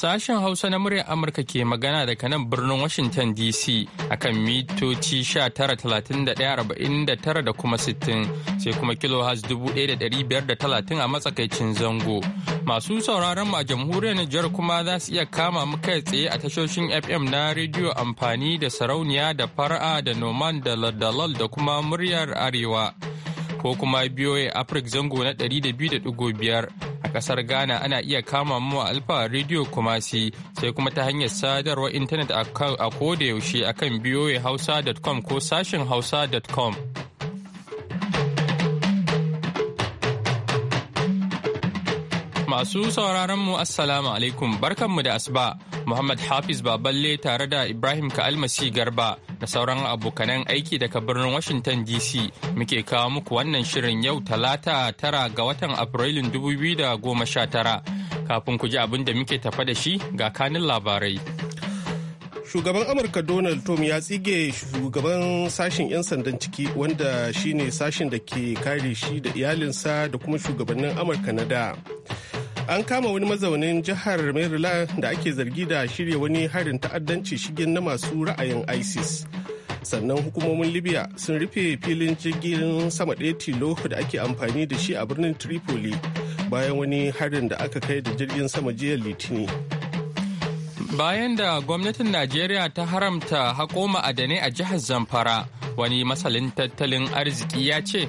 Sashen Hausa na muryar Amurka ke magana daga nan birnin Washington DC akan mitoci 19,31,49 da kuma 60 sai kuma kilohertz 1,530 a matsakaicin zango. Masu sauraron mu a jamhuriyar Nijar kuma za su iya kama mu kai tsaye a tashoshin FM na rediyo amfani da sarauniya da Far'a da noman da ladalal da kuma muryar arewa. ko kuma BOA Africa zango na biyar a ƙasar Ghana ana iya kama mu a Alfa Radio Kumasi sai kuma ta hanyar sadarwar intanet a koda yaushe akan BOA Hausa.com ko sashin Hausa.com. Masu sauraron mu Assalamu alaikum barkanmu da asuba Muhammad Hafiz Baballe tare da Ibrahim Ka'almasi Garba da sauran abokanan aiki daga birnin Washington DC muke kawo muku wannan shirin yau talata tara ga watan Afrilun 2019 kafin ku ji abin da muke tafa da shi ga kanin labarai. Shugaban Amurka Donald Trump ya tsige shugaban sashen 'yan sandan ciki wanda shine sashen da ke kare shi da iyalinsa da kuma shugabannin Amurka na da. an kama wani mazaunin jihar maryland da ake zargi da shirya wani harin ta'addanci shigen na masu ra'ayin isis sannan hukumomin libya sun rufe filin jirgin sama ɗaya tilo da ake amfani da shi a birnin tripoli bayan wani harin da aka kai da jirgin sama jiya litini bayan da gwamnatin najeriya ta haramta haƙo ma'adanai a jihar zamfara wani masalin tattalin arziki ya ce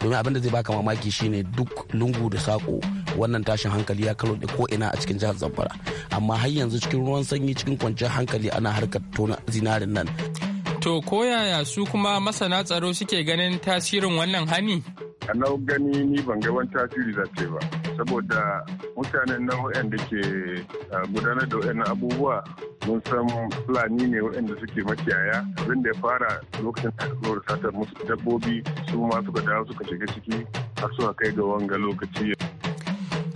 domin abin da zai baka mamaki shine duk lungu da saƙo wannan tashin hankali ya karo ko ina a cikin jihar zamfara amma har yanzu cikin ruwan sanyi cikin kwanciyar hankali ana harkar tona zinarin nan to koyaya su kuma masana tsaro suke ganin tasirin wannan hani a nau gani ni ban ga wani tasiri za ta ba saboda mutanen nan da ke gudanar da waɗannan abubuwa mun san fulani ne waɗanda suke makiyaya abin da ya fara lokacin da aka satar musu dabbobi su ma suka dawo suka shiga ciki har suka kai ga wanga lokaci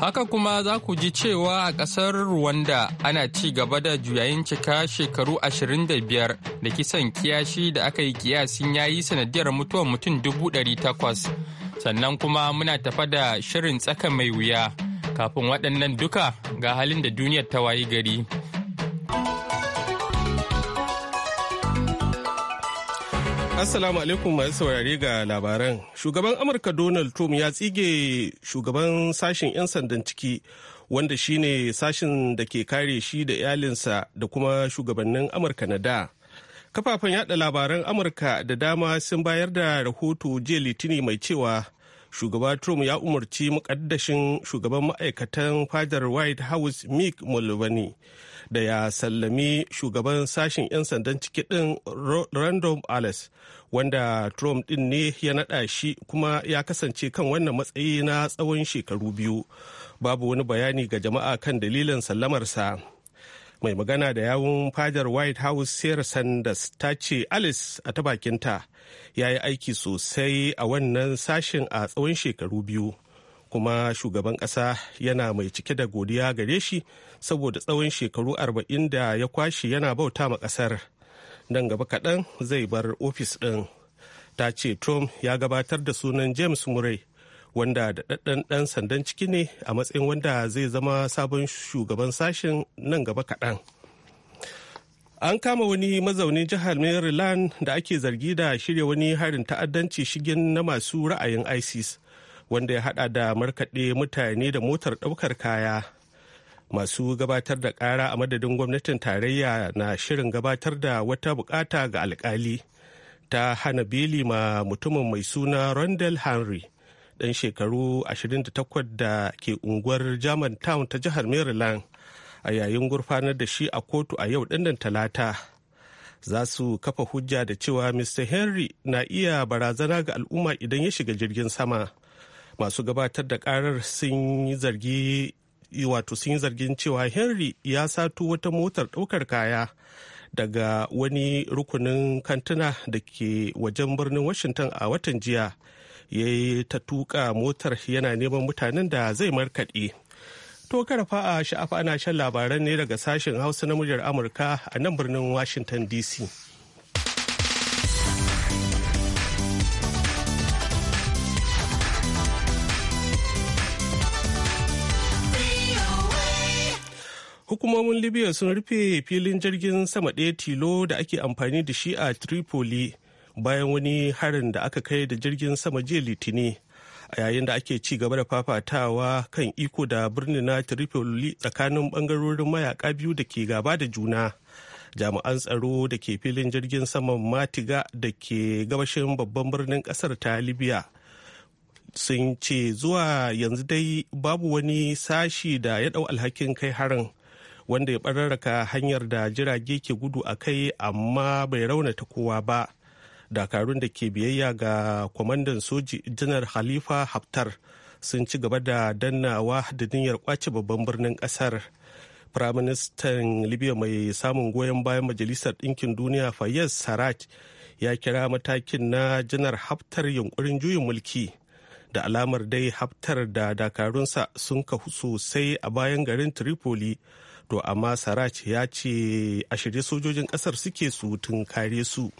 Haka kuma za ku ji cewa a ƙasar Rwanda ana ci gaba da juyayin cika shekaru 25 da kisan kiyashi da aka yi kiyasin ya yi sanadiyar mutuwar mutum 800. Sannan kuma muna tafa da shirin tsaka mai wuya. Kafin waɗannan duka ga halin da duniyar ta wayi gari. Assalamu alaikum masu saurare ga labaran. Shugaban Amurka Donald Trump ya tsige shugaban sashen 'yan sandan ciki wanda shine sashen da ke kare shi da iyalinsa da kuma shugabannin Amurka na da. Kafafen yada labaran Amurka da dama sun bayar da rahoto jiya litini mai cewa shugaba Trump ya umarci mukaddashin shugaban ma'aikatan fadar White House Mick Mulvaney da ya sallami shugaban sashen 'yan sandan ciki ɗin random alice wanda trump ɗin ne ya naɗa shi kuma ya kasance kan wannan matsayi na tsawon shekaru biyu babu wani bayani ga jama'a kan dalilin sallamarsa mai magana da yawun fadar white house sarah sanders ta ce alice a ta bakinta ya yi aiki sosai a wannan sashen a tsawon shekaru biyu kuma shugaban ƙasa yana mai cike da godiya gare shi saboda tsawon shekaru arba'in da ya kwashe yana bauta ma ƙasar nan gaba kaɗan zai bar ofis ɗin ta ce trump ya gabatar da sunan james murray wanda da ɗaɗɗan ɗan sandan ciki ne a matsayin wanda zai zama sabon shugaban sashen nan gaba kaɗan an kama wani mazaunin jihar maryland da ake zargi da shirya wani harin ta'addanci shigin na masu ra'ayin isis wanda ya hada da markaɗe mutane da motar ɗaukar kaya masu gabatar da ƙara a madadin gwamnatin tarayya na shirin gabatar da wata bukata ga alkali ta hana beli ma mutumin mai suna Rondel henry ɗan shekaru 28 da ke unguwar town ta jihar maryland a yayin gurfanar da shi a kotu a yau ɗinnan talata za su kafa hujja da cewa mr henry na iya barazana ga al'umma idan ya shiga jirgin sama masu gabatar da karar sun yi zargi wato sun yi zargin cewa henry ya sato wata motar ɗaukar kaya daga wani rukunin kantuna da ke wajen birnin washington a watan jiya ya yi ta tuka motar yana neman mutanen da zai markaɗe to karfa a sha'afa ana shan labaran ne daga sashen hausa na muryar amurka a nan birnin washington dc hukumomin libya sun rufe filin jirgin sama ɗaya tilo da ake amfani da shi a tripoli bayan wani harin da aka kai da jirgin sama jiya litini a yayin da ake ci gaba da fafatawa kan iko da birnin na tripoli tsakanin bangarorin mayaka biyu da ke gaba da juna jami'an tsaro da ke filin jirgin saman matiga da ke gabashin babban birnin kasar ta libya sun ce zuwa yanzu dai babu wani sashi da ya dau alhakin kai harin wanda ya bararraka hanyar da jirage ke gudu a kai amma bai raunata kowa ba dakarun da ke biyayya ga kwamandan soji janar halifa haftar sun ci gaba da dannawa da niyyar kwace babban birnin kasar firaministan libya mai samun goyon bayan majalisar ɗinkin duniya fayyaz sarraj ya kira matakin na janar haftar yunkurin juyin mulki da alamar dai haftar da dakarunsa sun kahu sosai a bayan garin tripoli to amma saraj ya ce a shirye sojojin kasar suke su tun kare su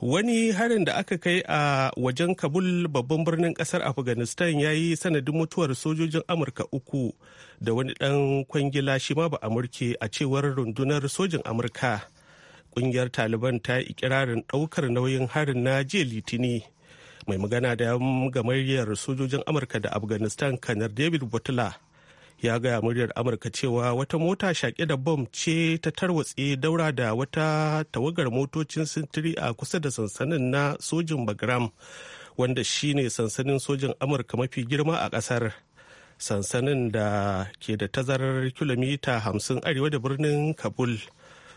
wani harin da aka kai a wajen kabul babban birnin kasar afghanistan ya yi sanadin mutuwar sojojin amurka uku da wani dan kwangila shi ma ba amurke a cewar rundunar sojin amurka kungiyar taliban ta yi ikirarin daukar nauyin harin na jiya litini mai magana da gamayyar sojojin amurka da afghanistan kanar david butler ya gaya muryar amurka cewa wata mota shaƙe da bom ce ta tarwatse daura da wata tawagar motocin sintiri a kusa da sansanin na sojin bagram wanda shi ne sansanin sojin amurka mafi girma a ƙasar sansanin da ke da tazarar kilomita hamsin arewa da birnin kabul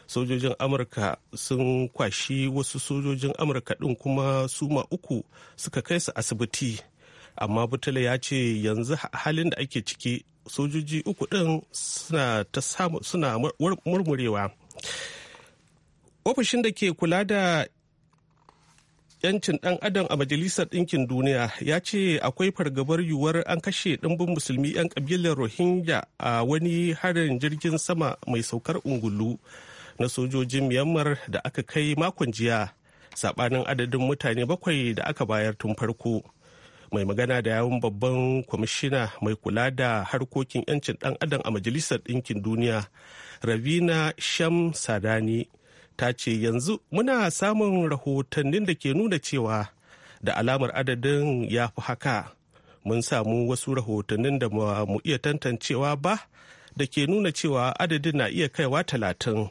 sojojin amurka sun kwashi wasu sojojin amurka ɗin kuma suma uku suka kai su asibiti amma butula ya ce yanzu halin da ake ciki sojoji uku ɗin suna murmurewa ofishin da ke kula da yancin ɗan adam a majalisar ɗinkin duniya ya ce akwai fargabar yiwuwar an kashe ɗimbin musulmi 'yan ƙabilar rohingya a wani harin jirgin sama mai saukar ungulu na sojojin myanmar da aka kai makon jiya saɓanin adadin mutane bakwai da aka bayar tun farko mai magana da yawun babban kwamishina mai kula da harkokin 'yancin ɗan adam a majalisar ɗinkin duniya ravina sham sadani ta ce yanzu muna samun rahotannin da ke nuna cewa da alamar adadin ya fi haka mun samu wasu rahotannin da mu iya tantancewa ba da ke nuna cewa adadin na iya kaiwa talatin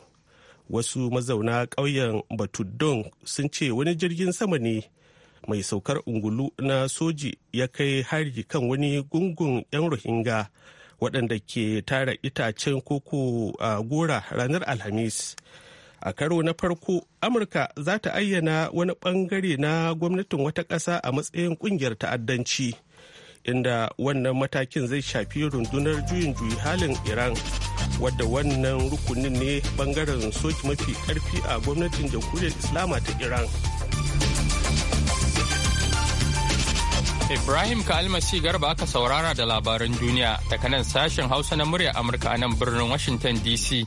wasu mazauna ƙauyen batudon sun ce wani jirgin sama ne mai saukar ungulu na soji ya kai hari kan wani gungun 'yan rohingya waɗanda ke tara itacen koko a gora ranar alhamis a karo na farko amurka za ta ayyana wani ɓangare na gwamnatin wata ƙasa a matsayin ƙungiyar ta'addanci inda wannan matakin zai shafi rundunar juyin juyi halin iran wadda wannan rukunin ne ɓangaren soji mafi karfi a gwamnatin jamhuriyar islama ta iran Ibrahim Kalmasi Garba aka saurara da labaran duniya daga nan sashen Hausa na murya Amurka a nan birnin Washington DC.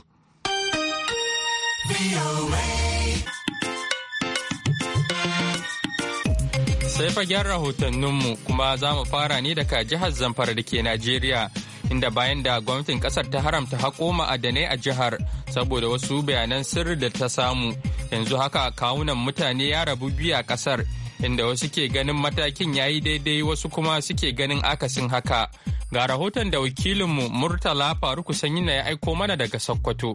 Sai fagen mu kuma za mu fara ne daga jihar Zamfara da ke Najeriya. Inda bayan da gwamnatin kasar ta haramta haƙo ma'adanai a jihar saboda wasu bayanan sirri da ta samu yanzu haka kawunan mutane ya rabu biya kasar. ƙasar inda wasu ke ganin matakin ya yi daidai wasu kuma suke ganin akasin haka. Ga rahoton da wakilinmu Murtala Faruku na ya aiko mana daga Sokoto.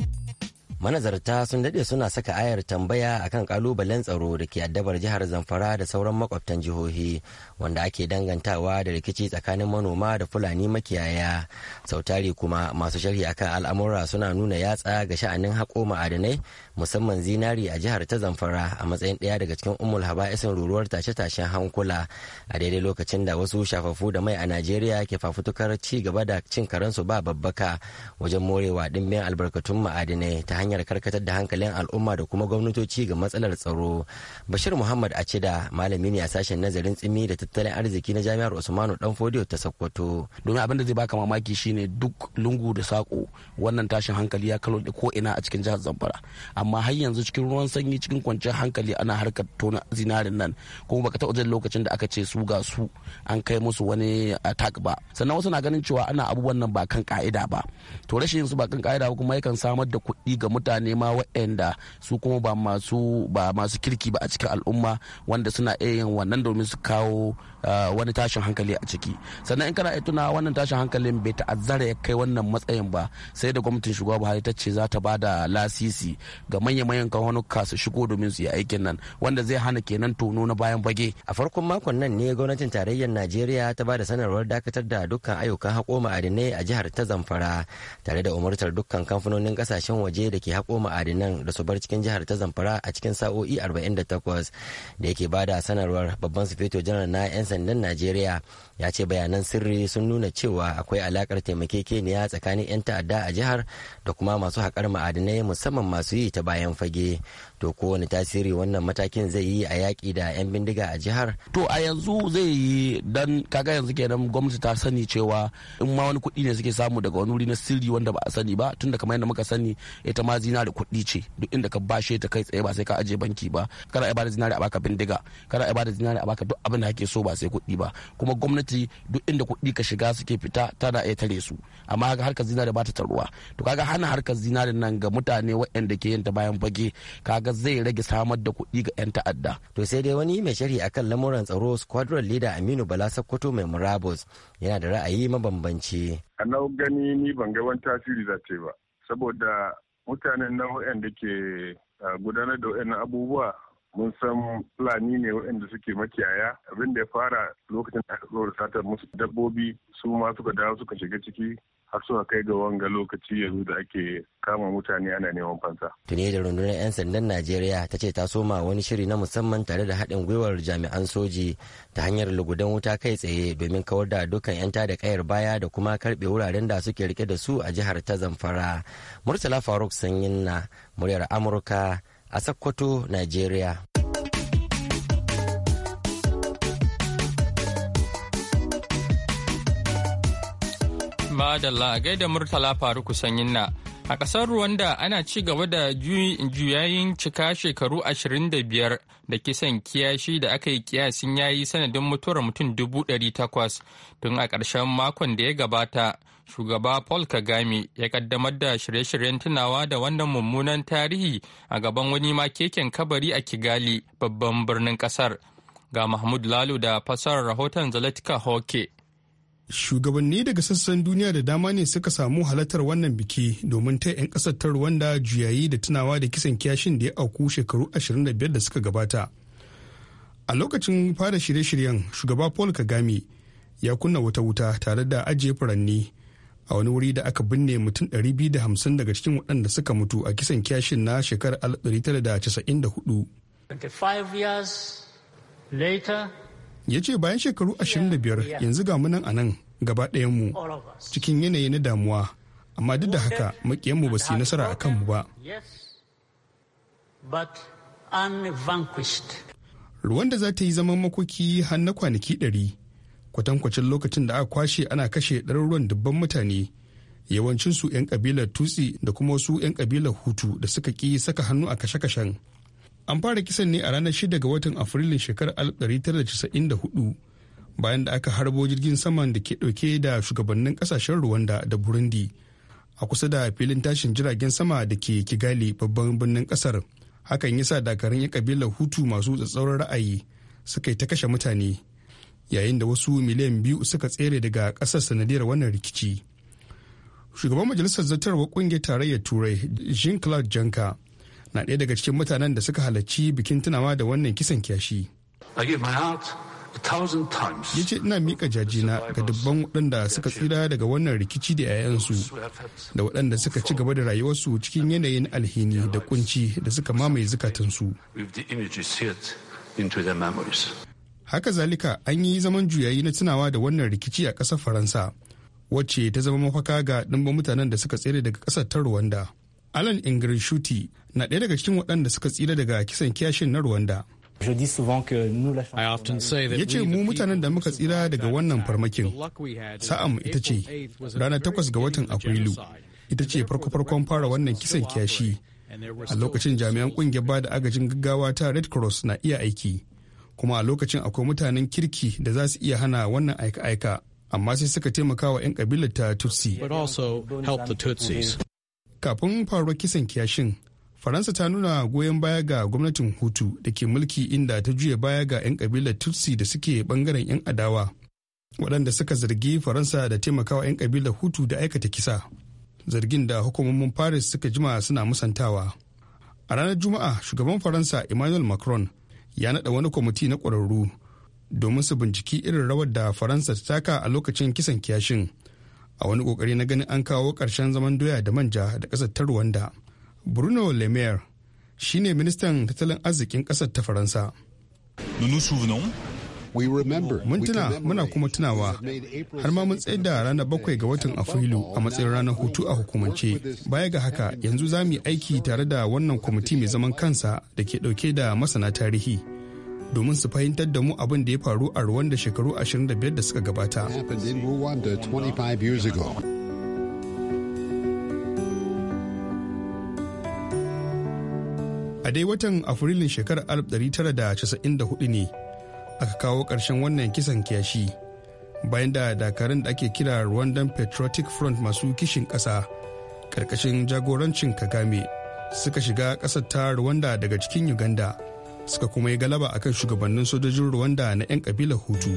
Manazarta sun dade suna saka ayar tambaya akan kalubalen tsaro da ke addabar jihar Zamfara da sauran makwabtan jihohi wanda ake dangantawa da rikici tsakanin manoma da Fulani makiyaya. Sautari kuma masu sharhi akan al'amura suna nuna yatsa ga sha'anin haƙo ma'adanai musamman zinari a jihar ta zamfara a matsayin ɗaya daga cikin umul haba'isin ruruwar tashe-tashen hankula a daidai lokacin da wasu shafafu da mai a najeriya ke fafutukar ci gaba da cin karansu ba babbaka wajen morewa ɗimbin albarkatun ma'adinai ta hanyar karkatar da hankalin al'umma da kuma gwamnatoci ga matsalar tsaro bashir muhammad acida malami ne a sashen nazarin tsimi da tattalin arziki na jami'ar usmanu danfodiyo ta sokoto domin abin da zai baka mamaki shine duk lungu da sako wannan tashin hankali ya kalo ko ina a cikin jihar zamfara amma har yanzu cikin ruwan sanyi cikin kwanciyar hankali ana harkar tona zinarin nan kuma baka taɓa jin lokacin da aka ce su ga su an kai musu wani attack ba sannan wasu na ganin cewa ana abu nan ba kan ka'ida ba to rashin su ba kan ka'ida ba kuma yakan samar da kuɗi ga mutane ma waɗanda su kuma ba masu ba masu kirki ba a cikin al'umma wanda suna iya yin wannan domin su kawo Ah, wani tashin hankali a ciki sannan in kana tuna wannan tashin hankalin bai ta'azzara ya kai wannan matsayin ba sai da gwamnatin shugaba buhari ta ce za ta ba da lasisi ga manya-manyan kawanuka su shigo domin su yi aikin nan wanda zai hana kenan tono na bayan bage a farkon makon nan ne gwamnatin tarayyar najeriya ta ba da sanarwar dakatar da dukkan ayyukan hako ma'adinai a jihar ta zamfara tare da umartar dukkan kamfanonin kasashen waje da ke hako ma'adinan da su bar cikin jihar ta zamfara a cikin sa'o'i 48 da yake ba da sanarwar babban sufeto janar na 'yan sandan najeriya ya ce bayanan sirri sun nuna cewa akwai alakar taimakekeniya tsakanin 'yan ta'adda a jihar da kuma masu haƙar ma'adanai musamman masu yi ta bayan fage to kowane tasiri wannan matakin zai yi a yaƙi da 'yan bindiga a jihar to a yanzu zai yi dan kaga yanzu kenan gwamnati ta sani cewa in ma wani kuɗi ne suke samu daga wani wuri na sirri wanda ba a sani ba tun da kamar yadda muka sani ita ma zinari kuɗi ce duk inda ka bashe ta kai tsaye ba sai ka aje banki ba kana ba da zinari a baka bindiga kana ba da zinari a baka duk abin da kake so ba sai kuɗi ba kuma gwamnati duk inda kuɗi ka shiga suke fita tana iya tare su amma haka harkar zinari ba ta taruwa to kaga hana harkar zinari nan ga mutane waɗanda ke yin ta bayan fage kaga kaga zai rage samar da kuɗi ga 'yan ta'adda. To sai dai wani mai sharhi akan lamuran tsaro squadron leader Aminu Bala Sokoto mai murabus yana da ra'ayi mabambanci. A nau gani ni ban ga wani tasiri za ba saboda mutanen nau'in da ke ah, gudanar da waɗannan abubuwa mun san fulani ne waɗanda suke makiyaya abin da ya fara lokacin da aka da satar musu dabbobi su ma suka dawo suka shiga ciki har suka kai ga wanga lokaci yanzu da ake kama mutane ana neman fansa. Tuni da rundunar 'yan sandan Najeriya ta ce ta soma wani shiri na musamman tare da haɗin gwiwar jami'an soji ta hanyar lugudan wuta kai tsaye domin kawar da dukkan 'yan da kayar baya da kuma karɓe wuraren da suke rike da su a jihar ta Zamfara. Murtala Faruk Sanyin na muryar Amurka a Sokoto, Najeriya. Madalla a gaida Murtala Faruku Sanyin na. A ƙasar Rwanda ana ci gaba da juyayin cika shekaru 25 da kisan kiyashi da aka yi kiyasin yayi sanadin mutuwar mutum 800 tun a ƙarshen makon da ya gabata shugaba Paul Kagame ya kaddamar da shirye-shiryen tunawa da wannan mummunan tarihi a gaban wani ma kabari a Kigali babban birnin kasar. Ga Mahmud lalu da fasar rahoton Zalatika Hoke. Shugabanni daga sassan duniya da dama ne suka samu halartar wannan biki domin ta 'yan ƙasar ta Rwanda juyayi da tunawa da kisan kiyashin da ya auku shekaru 25 da suka gabata. A lokacin fara shirye-shiryen, shugaba Paul Kagame ya kunna wuta wuta tare da ajiye furanni a wani wuri da aka binne mutum 250 daga cikin waɗanda suka mutu a kisan kyashin na shekarar 1994 ya ce bayan shekaru 25 yanzu ga munan a nan gaba ɗayanmu cikin yanayi na damuwa amma duk da haka makiyanmu ba su yi nasara a kanmu ba ruwan da za ta yi zaman makoki har na kwanaki ɗari kwatankwacin lokacin da aka kwashe ana kashe ɗaruruwan dubban mutane yawancinsu 'yan kabilar tutsi da kuma wasu 'yan kabilar hutu da suka ki saka hannu a kashe-kashen an fara kisan ne a ranar 6 ga watan afrilun shekarar 1994 bayan da aka harbo jirgin saman da ke dauke da shugabannin ƙasashen rwanda da burundi a kusa da filin tashin jiragen sama da ke kigali babban birnin ƙasar hakan yasa dakarun 'yan kabilar hutu masu tsatsauran ra'ayi suka yi ta kashe mutane yayin da wasu miliyan biyu suka tsere daga ƙasar sanadiyar wannan rikici shugaban majalisar zartarwar ƙungiyar tarayyar turai jean claude janka na ɗaya daga cikin mutanen da suka halarci bikin tunawa da wannan kisan kyashi ya ce ina miƙa jajina ga dubban waɗanda suka tsira daga wannan rikici da 'ya'yansu da waɗanda suka ci gaba da rayuwarsu cikin yanayin alhini da kunci da suka mamaye zukatansu haka zalika an yi zaman juyayi na tunawa da wannan rikici a ƙasar faransa wacce ta zama mafaka ga ɗimbin mutanen da suka tsere daga ƙasar ta rwanda alan shuti na ɗaya daga cikin waɗanda suka tsira daga kisan kiyashin na rwanda ya ce mu mutanen da muka tsira daga wannan farmakin sa'am ita ce ranar takwas ga watan afrilu ita ce farko-farkon fara wannan kisan kiyashi a lokacin jami'an kungiyar ba da agajin gaggawa ta red cross na iya aiki kuma a lokacin akwai mutanen kirki da za su iya hana wannan aika-aika amma sai suka taimaka wa 'yan kabilar ta tutsi kafin faruwar kisan kiyashin faransa ta nuna goyon baya ga gwamnatin hutu da ke mulki inda ta juya baya ga 'yan kabilar tutsi da suke bangaren 'yan adawa waɗanda suka zargi faransa da taimakawa 'yan kabilar hutu da aikata kisa zargin da hukumomin paris suka jima suna musantawa a ranar juma'a shugaban faransa emmanuel macron ya naɗa wani kwamiti na ƙwararru domin su binciki irin rawar da faransa ta taka a lokacin kisan kiyashin a wani ƙoƙari na ganin an kawo ƙarshen zaman doya da manja da ƙasar ta rwanda bruno le maire shine ministan tattalin arzikin ƙasar ta faransa Mun tuna muna kuma tunawa har ma mun tsayar da ranar bakwai ga watan Afrilu a matsayin ranar hutu a hukumance. Baya ga haka yanzu za mu yi aiki tare da wannan kwamiti mai zaman kansa da ke dauke da masana tarihi. domin su fahimtar da mu abin da ya faru a Rwanda shekaru 25 da suka gabata. A dai watan Afrilun shekarar 1994 ne aka kawo ƙarshen wannan kisan kiyashi bayan da dakarun da ake kira rwandan patriotic front masu kishin ƙasa ƙarƙashin jagorancin kagame suka shiga ƙasar ta rwanda daga cikin uganda suka kuma yi galaba akan shugabannin sojojin rwanda na 'yan ƙabilar hutu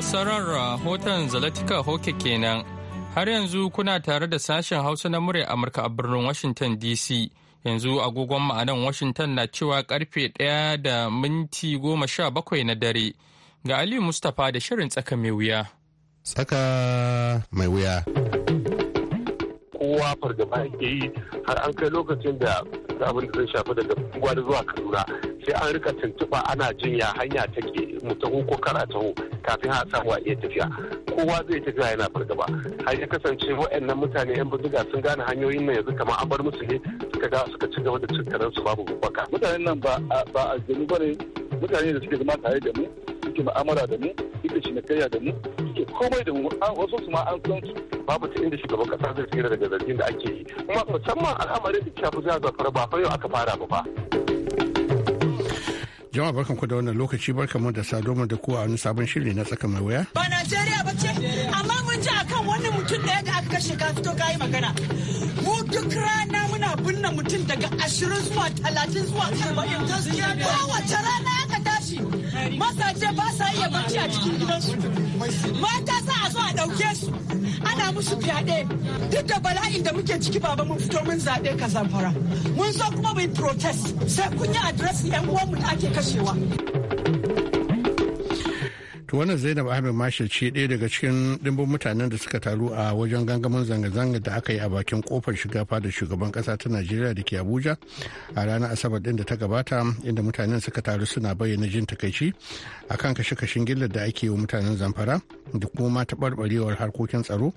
Fassarar rahoton Zalatika Hoke kenan. Har yanzu kuna tare da sashen Hausa na murya Amurka a birnin Washington DC. Yanzu agogon ma'anan Washington na cewa karfe ɗaya da minti goma sha bakwai na dare. Ga Ali Mustapha da shirin tsaka mai wuya. Tsaka mai wuya. kowa fargaba yake yi har an kai lokacin da abin da zai shafi daga gwada zuwa kaduna sai an rika tuntuɓa ana jinya hanya take mu taho ko kara taho kafin a samu a iya tafiya kowa zai tafiya yana fargaba har ya kasance wa'annan mutane yan bindiga sun gane hanyoyin nan yanzu kamar an bar musu ne suka ga suka ci gaba da cin su babu baka. mutanen nan ba ba jini bane mutane da suke zama tare da mu suke ma'amala da mu suke cinikayya da mu suke komai da mu wasu su ma an san su babu ta inda shugaban kasa zai tsira daga zargin da ake yi kuma musamman al'amarin da shafi zafar ba fa yau aka fara ba jama'a barkan ku da wannan lokaci barkan mu da sadoma da kowa wani sabon shiri na tsaka mai wuya ba najeriya ba ce amma mun ji akan wani mutum da yadda aka kashe ka fito ka yi magana mu duk rana muna binne mutum daga ashirin zuwa talatin zuwa arba'in kowace rana mazaje mazaje ba sa iya bacci a cikin gidansu mata za a zo a ɗauke su ana musu fyaɗe duk da bala'in da muke ciki baba mun fito mun zaɓe ka zamfara mun zo kuma mai protest sai kun yi adiresin 'yan uwanmu da ake kashewa. to wannan zainab ahmed mashal ce ɗaya daga cikin ɗimbin mutanen da suka taru a wajen gangamin zanga-zanga da aka yi a bakin kofar shiga fadar shugaban kasa ta najeriya da ke abuja a ranar asabar ɗin da ta gabata inda mutanen suka taru suna bayyana jin takaici akan kashe-kashen gillar da ake yi wa mutanen zamfara da kuma taɓarɓarewar harkokin tsaro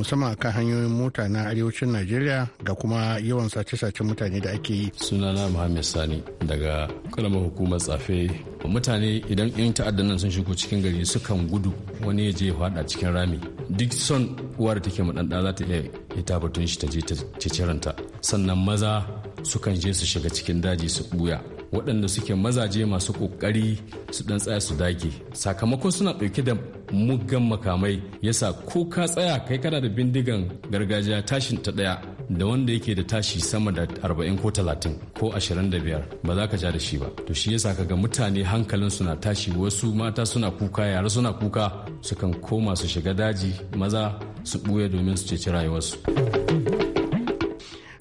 musamman akan hanyoyin mota na arewacin najeriya ga kuma yawan sace-sacen mutane da ake yi sunana muhammad sani daga ƙaramin hukumar tsafe mutane idan yan ta'addan nan sun shigo cikin gari gari sukan gudu wani ya je faɗa cikin rami duk son uwa da take maɗanɗa za ta iya ita batun shi ta je ta sannan maza sukan je su shiga cikin daji su buya. waɗanda suke mazaje masu ƙoƙari su ɗan tsaya su dage sakamakon suna ɗauke da muggan makamai yasa ko ka tsaya kai kana da bindigan gargajiya tashin ta ɗaya da wanda yake da tashi sama da arba'in ko talatin ko ashirin da biyar ba za ka ja da shi ba to shi yasa kaga mutane hankalin suna tashi wasu mata suna kuka yara suna kuka sukan koma su shiga daji maza su ɓuya domin su ceci rayuwarsu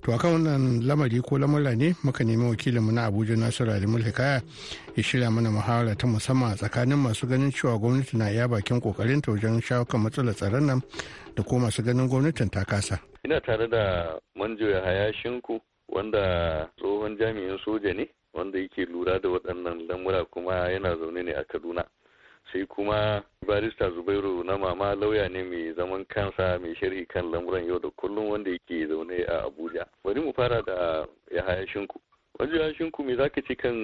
to akan wannan lamari ko lamura ne muka nemi wakilinmu na abuja nasiru adamul hikaya ya shirya mana muhawara ta musamman tsakanin masu ganin cewa gwamnati na iya bakin kokarin ta wajen shawo kan matsalar tsaron nan da ko masu ganin gwamnatin ta kasa ina tare da manjo hayashinku wanda tsohon jami'in soja ne wanda yake lura da waɗannan lamura kuma yana zaune ne a kaduna sai kuma barista zubairu na mama lauya ne mai zaman kansa mai sharhi kan lamuran yau da kullum wanda yake zaune a abuja bari mu fara da yahaya shinku wajen yahaya shinku me zaka ci kan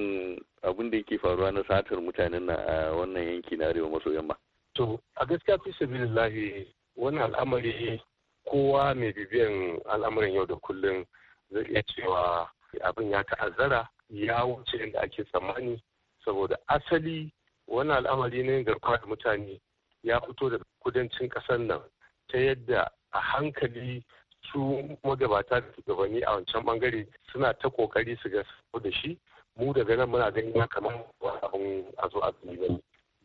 abin da yake faruwa na satar mutanen na a wannan yanki na arewa maso yamma to a gaskiya fi sabilillahi wani al'amari kowa mai bibiyan al'amuran yau da kullum zai iya cewa abin ya ta'azzara ya wuce yadda ake tsammani saboda asali Wani al'amari na yin garkuwa da mutane ya fito da kudancin kasar nan ta yadda a hankali su magabata da shugabanni a wancan bangare suna ta kokari su ga da shi mu daga nan muna ganin ya kamar abin a zo a ba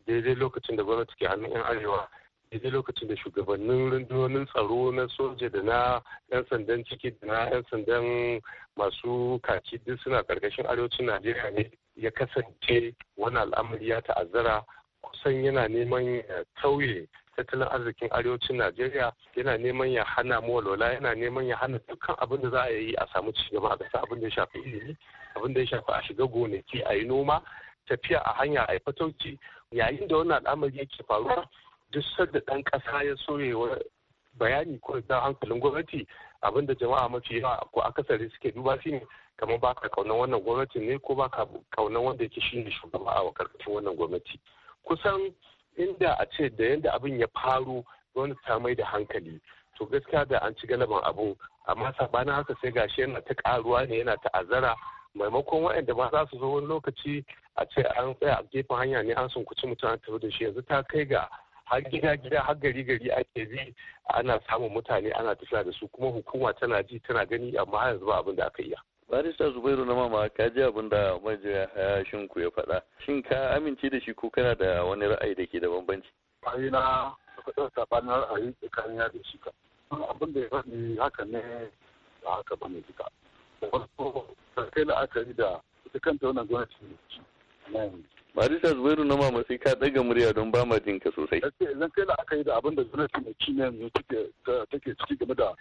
daidai lokacin da gwamnati ke hannun yan arewa daidai lokacin da shugabannin rundunonin tsaro na soja da na yan sandan ciki da na yan sandan masu kaki duk suna karkashin arewacin najeriya ne ya kasance wani al'amari ya ta'azzara kusan yana neman ya tauye tattalin arzikin arewacin najeriya yana neman ya hana mu walwala yana neman ya hana dukkan abin da za a yi a samu cigaba a gasa abin da ya shafi ilimi abin da ya shafi a shiga gonaki a yi noma tafiya a hanya a yi fatauci yayin da wannan al'amari yake faruwa duk sadda ɗan ƙasa ya so bayani ko da hankalin gwamnati abinda jama'a mafi yawa ko akasari suke duba shi ne kamar ba ka kaunar wannan gwamnati ne ko ba ka kaunan wanda yake shi ne shugaba a karkashin wannan gwamnati kusan inda a ce da yadda abin ya faru wani ta mai da hankali to gaskiya da an ci galaban abu amma sabanin haka sai gashi yana ta karuwa ne yana ta'azzara maimakon waɗanda ba za su zo wani lokaci a ce an tsaya a gefen hanya ne an sunkuci mutum an tafi da shi yanzu ta kai ga har gida gida har gari gari ake bi ana samun mutane ana tafiya da su kuma hukuma tana ji tana gani amma har yanzu ba abin da aka yi barista zubairu na mama ka ji abin da majiya ya shinku ya faɗa shin ka amince da shi ko kana da wani ra'ayi da ke da bambanci ra'ayi na kuɗin saɓanin ra'ayi tsakanin da shi ka abin da ya faɗi haka ne ba haka ba ne duka da farko kai la'akari da ita kanta wannan gwamnati na yi. barista zubairu na mama sai ka daga murya don ba ma jinka sosai idan kai la'akari da abin da gwamnati mai ci yanzu take ciki game da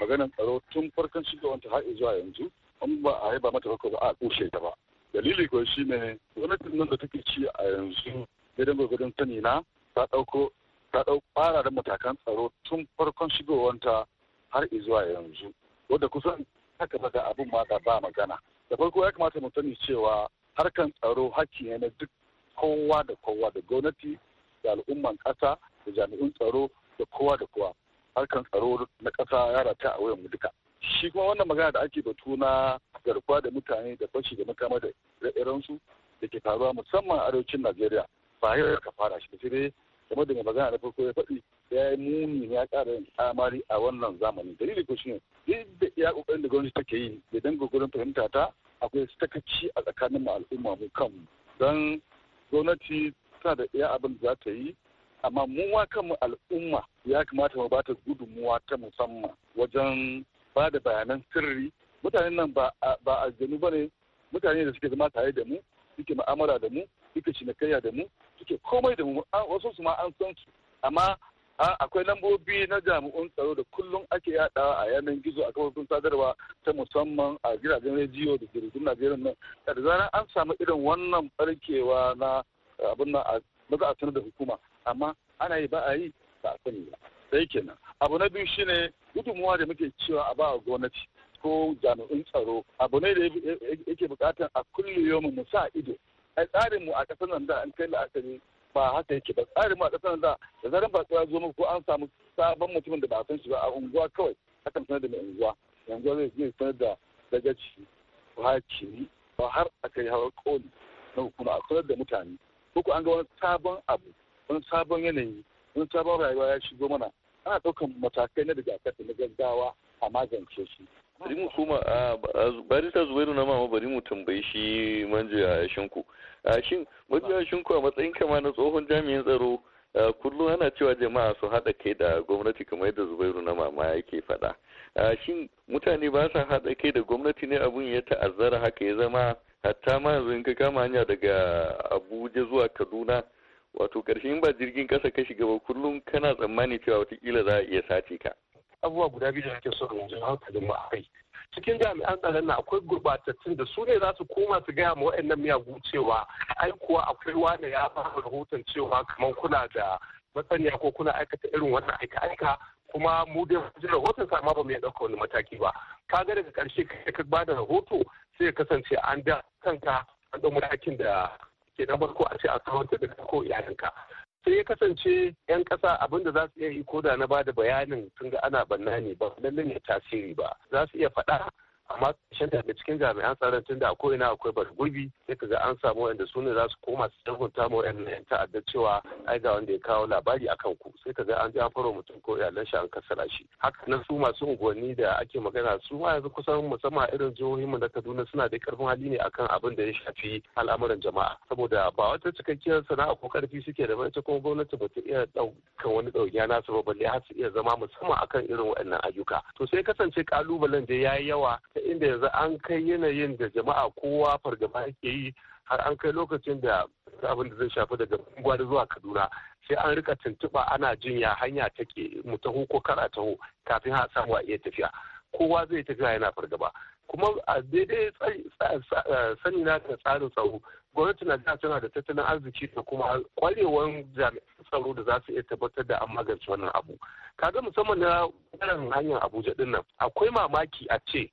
maganar tsaro tun farkon shigawanta har zuwa yanzu an ba a haiba mata ba a kushe ta ba dalili kuwa ne gwamnatin nan da take ci a yanzu idan gwagwadon sani na ta ɗauko ta ɗau fara da matakan tsaro tun farkon shigowanta har zuwa yanzu wadda kusan haka baka abin ma ba magana da farko ya kamata mu sani cewa harkan tsaro hakki ne na duk kowa da kowa da gwamnati da al'umman kasa da jami'un tsaro da kowa da kowa harkan tsaro na kasa ya rata a wayan mu duka shi kuma wannan magana da ake batu na garkuwa da mutane da fashi da makama da irinsu da ke faruwa musamman arewacin najeriya ba yau ka fara shi sai dai game da magana da farko ya faɗi ya yi muni ya ƙara yin amari a wannan zamani dalili ko shi ne duk da iya ƙoƙarin da gwamnati take yi da dan gurin fahimta ta akwai sakaci a tsakanin al'umma mu kanmu don gwamnati ta da iya abin za ta yi amma mu wa kanmu al'umma ya kamata mu ba ta gudunmuwa ta musamman wajen ba da bayanan sirri mutanen nan ba a zanu ba ne mutane da suke zama tare da mu suke ma'amala da mu suke cinikayya da mu suke komai da mu wasu su ma an san su amma akwai lambobi na jami'un tsaro da kullum ake yada a yanar gizo a kafofin sadarwa ta musamman a jiragen rediyo da jirgin najeriya nan da zarar an samu irin wannan barkewa na abin na a za a sanar da hukuma amma ana yi ba a yi ba a sani ba sai kenan abu na biyu shine gudunmuwa da muke cewa a ba gwamnati ko jami'un tsaro abu ne da yake bukatar a kulle yomin mu sa ido a tsarin mu a ƙasar nan da an kai la'akari ba haka yake ba tsarin ma kasar da da zaran ba ya zo ko an samu sabon mutumin da ba san shi ba a unguwa kawai akan sanar da mai unguwa yanzu zai zai sanar da dagaci haci ba har aka yi hawar koli na hukuma a sanar da mutane ko an ga wani sabon abu wani sabon yanayi wani sabon rayuwa ya shigo mana ana ɗaukan matakai na rigakafi na gaggawa a magance shi bari mu koma ta zubairu na mama bari mu tambayi shi manja shinku shin manja shinku a matsayin kama na tsohon jami'in tsaro kullum ana cewa jama'a su haɗa kai da gwamnati kamar yadda zubairu na mama yake faɗa shin mutane ba sa haɗa kai da gwamnati ne abun ya ta'azzara haka ya zama hatta ma yanzu in ka kama hanya daga abuja zuwa kaduna wato ƙarshen ba jirgin ƙasa ka shiga ba kullum kana tsammani cewa watakila za a iya sace ka abubuwa guda biyu da ake so a yanzu hankalin mu akai cikin jami'an tsaron na akwai gurbatattun da su ne za su koma su gaya ma waɗannan miyagu cewa ai kuwa akwai wani ya ba rahoton cewa kamar kuna da masaniya ko kuna aikata irin wannan aika-aika kuma mu dai ji rahoton sa ma ba mu ya ɗauka wani mataki ba ka ga daga ƙarshe ka ba da rahoto sai ya kasance an da kanka an ɗau matakin da ke na farko a ce a kawanta da ko iyalinka sai ya kasance 'yan kasa abin da za su iya yi koda na ba da bayanin sun ga ana banna ne ba lallai ne tasiri ba za su iya faɗa amma shan da cikin jami'an tsaron tunda a ko'ina akwai bargurbi sai ka ga an samu wanda su ne za su koma su tabbata ma yan ta'adda cewa ai ga wanda ya kawo labari akan ku sai ka ga an ji an faro mutum ko iyalan shi an kasara shi haka nan su masu unguwanni da ake magana su ma yanzu kusan musamman irin mu na Kaduna suna da karfin hali ne akan abin da ya shafi al'amuran jama'a saboda ba wata cikakkiyar sana'a ko karfi suke da mace kuma gwamnati ba ta iya ɗaukan wani ɗauki na nasu ba balle har su iya zama musamman akan irin wa'annan ayyuka to sai kasance kalubalen da ya yi yawa ta inda yanzu an kai yanayin da jama'a kowa fargaba yake yi har an kai lokacin da abin da zai shafi daga gwada zuwa kaduna sai an rika tuntuɓa ana jinya hanya take mu taho ko kar a taho kafin a samu a iya tafiya kowa zai tafiya yana fargaba kuma a daidai sani na da tsarin tsaro gwamnati na da tana da tattalin arziki da kuma kwarewan jami'an tsaro da za su iya tabbatar da an magance wannan abu kaga musamman na wannan hanyar abuja dinnan akwai mamaki a ce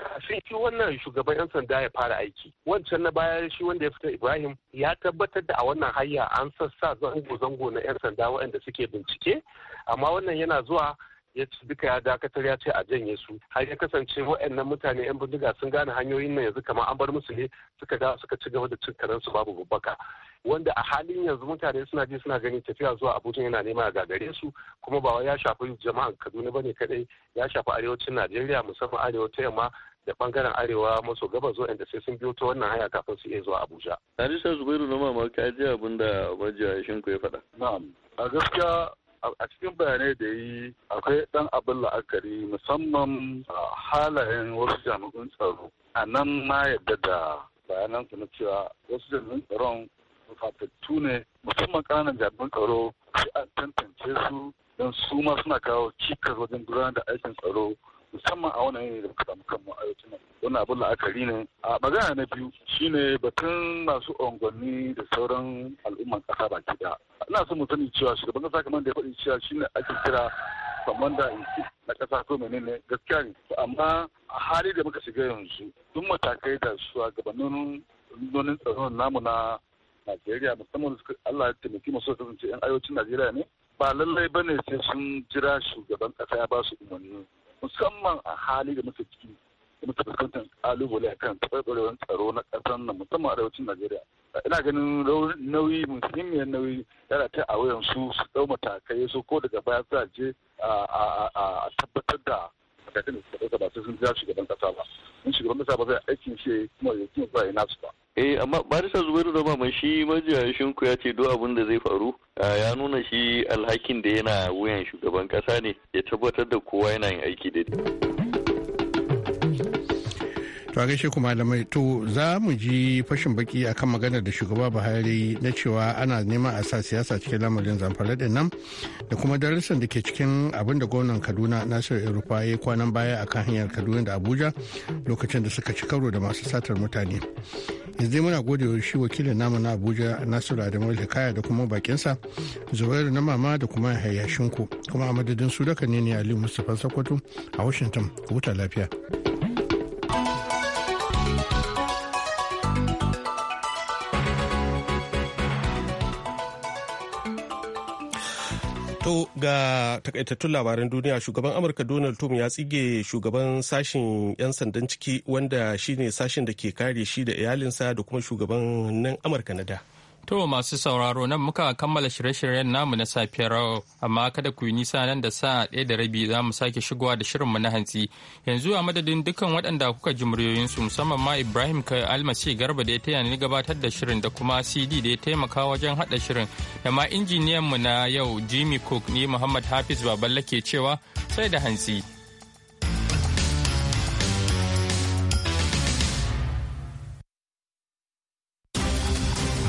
kafin shi wannan shugaban 'yan sanda ya fara aiki wancan na baya shi wanda ya fita ibrahim ya tabbatar da a wannan hanya an sassa zango-zango na 'yan sanda waɗanda suke bincike amma wannan yana zuwa ya ci duka ya dakatar ya ce a janye su har ya kasance waɗannan mutane 'yan bindiga sun gane hanyoyin nan yanzu kamar an bar musu ne suka dawo suka ci gaba da cin karensu babu babbaka wanda a halin yanzu mutane suna je suna gani tafiya zuwa abuja yana nema a gagare su kuma ba ya shafi jama'an kaduna bane kadai ya shafi arewacin najeriya musamman arewa ta yamma da bangaren arewa maso gabas inda sai sun biyo ta wannan haya kafin su iya zuwa abuja. harisa zubairu na mama ka ji abin da majiyashin ku ya faɗa. na'am a gaskiya a cikin bayanai da yi akwai ɗan abin la'akari musamman halayen wasu jami'an tsaro a nan na yadda da bayanan su na cewa wasu jami'an tsaron mafafattu ne musamman ƙananan jami'an tsaro sai an tantance su don su ma suna kawo cikas wajen gudanar da aikin tsaro musamman a wani yanayi da muka samu kanmu a yankin nan wannan abin la'akari ne a magana na biyu shine batun masu unguwanni da sauran al'umman kasa baki da. ina so mu sani cewa shugaban kasa kamar da ya faɗi cewa shine ake kira kwamanda na kasa ko menene gaskiya ne amma a hali da muka shiga yanzu duk matakai da gabanin rundunonin tsaron namu na Najeriya musamman Allah ya taimaki masu kasance 'yan ayocin Najeriya ne ba lallai ba ne sai sun jira shugaban kasa ya ba su umarni musamman a hali da muke ciki da muke fuskantar kalubale kan taɓarɓarewar tsaro na ƙasar nan musamman arewacin Najeriya. Ina ganin nauyi muhimmiyar nauyi yana ta a wayan su su ɗau matakai su ko daga baya za je a tabbatar da matakan da suka ɗauka ba sai sun jira shugaban kasa ba in shugaban kasa ba zai aikin shi kuma ya kuma ba ya nasu ba. eh amma barisa zubairu zama mai shi majiyashin ku ya ce duk abin da zai faru ya nuna shi alhakin da yana wuyan shugaban kasa ne ya tabbatar da kowa yana yin aiki daidai. To gaishe ku malamai to za mu ji fashin baki akan maganar da shugaba Buhari na cewa ana neman a sa siyasa cikin lamarin zamfara din nan da kuma darussan da ke cikin abin da gwamnan Kaduna Nasiru Irufa ya kwanan baya akan hanyar Kaduna da Abuja lokacin da suka ci karo da masu satar mutane. Yanzu muna gode shi wakilin namu na Abuja Nasiru Adamu Hikaya da kuma bakinsa Zubairu na mama da kuma hayashinku kuma a su daga ne ne Ali Mustapha Sokoto a Washington huta lafiya. To ga takaitattun labaran duniya shugaban Amurka Donald Trump ya tsige shugaban sashen 'yan sandan ciki wanda shine sashen da ke kare shi da iyalinsa da kuma shugaban nan Amurka na da. To masu sauraro nan muka kammala shirye-shiryen namu na safiyar rawa amma kada ku yi nisa nan da sa ɗaya da rabi za mu sake shigowa da shirinmu na hantsi. Yanzu a madadin dukkan waɗanda kuka ji muryoyinsu musamman ma Ibrahim Kai Almasi Garba da ya taya ni gabatar da shirin da kuma CD da ya taimaka wajen haɗa shirin da ma injiniyan mu na yau Jimmy Cook ni Muhammad Hafiz Baballa ke cewa sai da hantsi.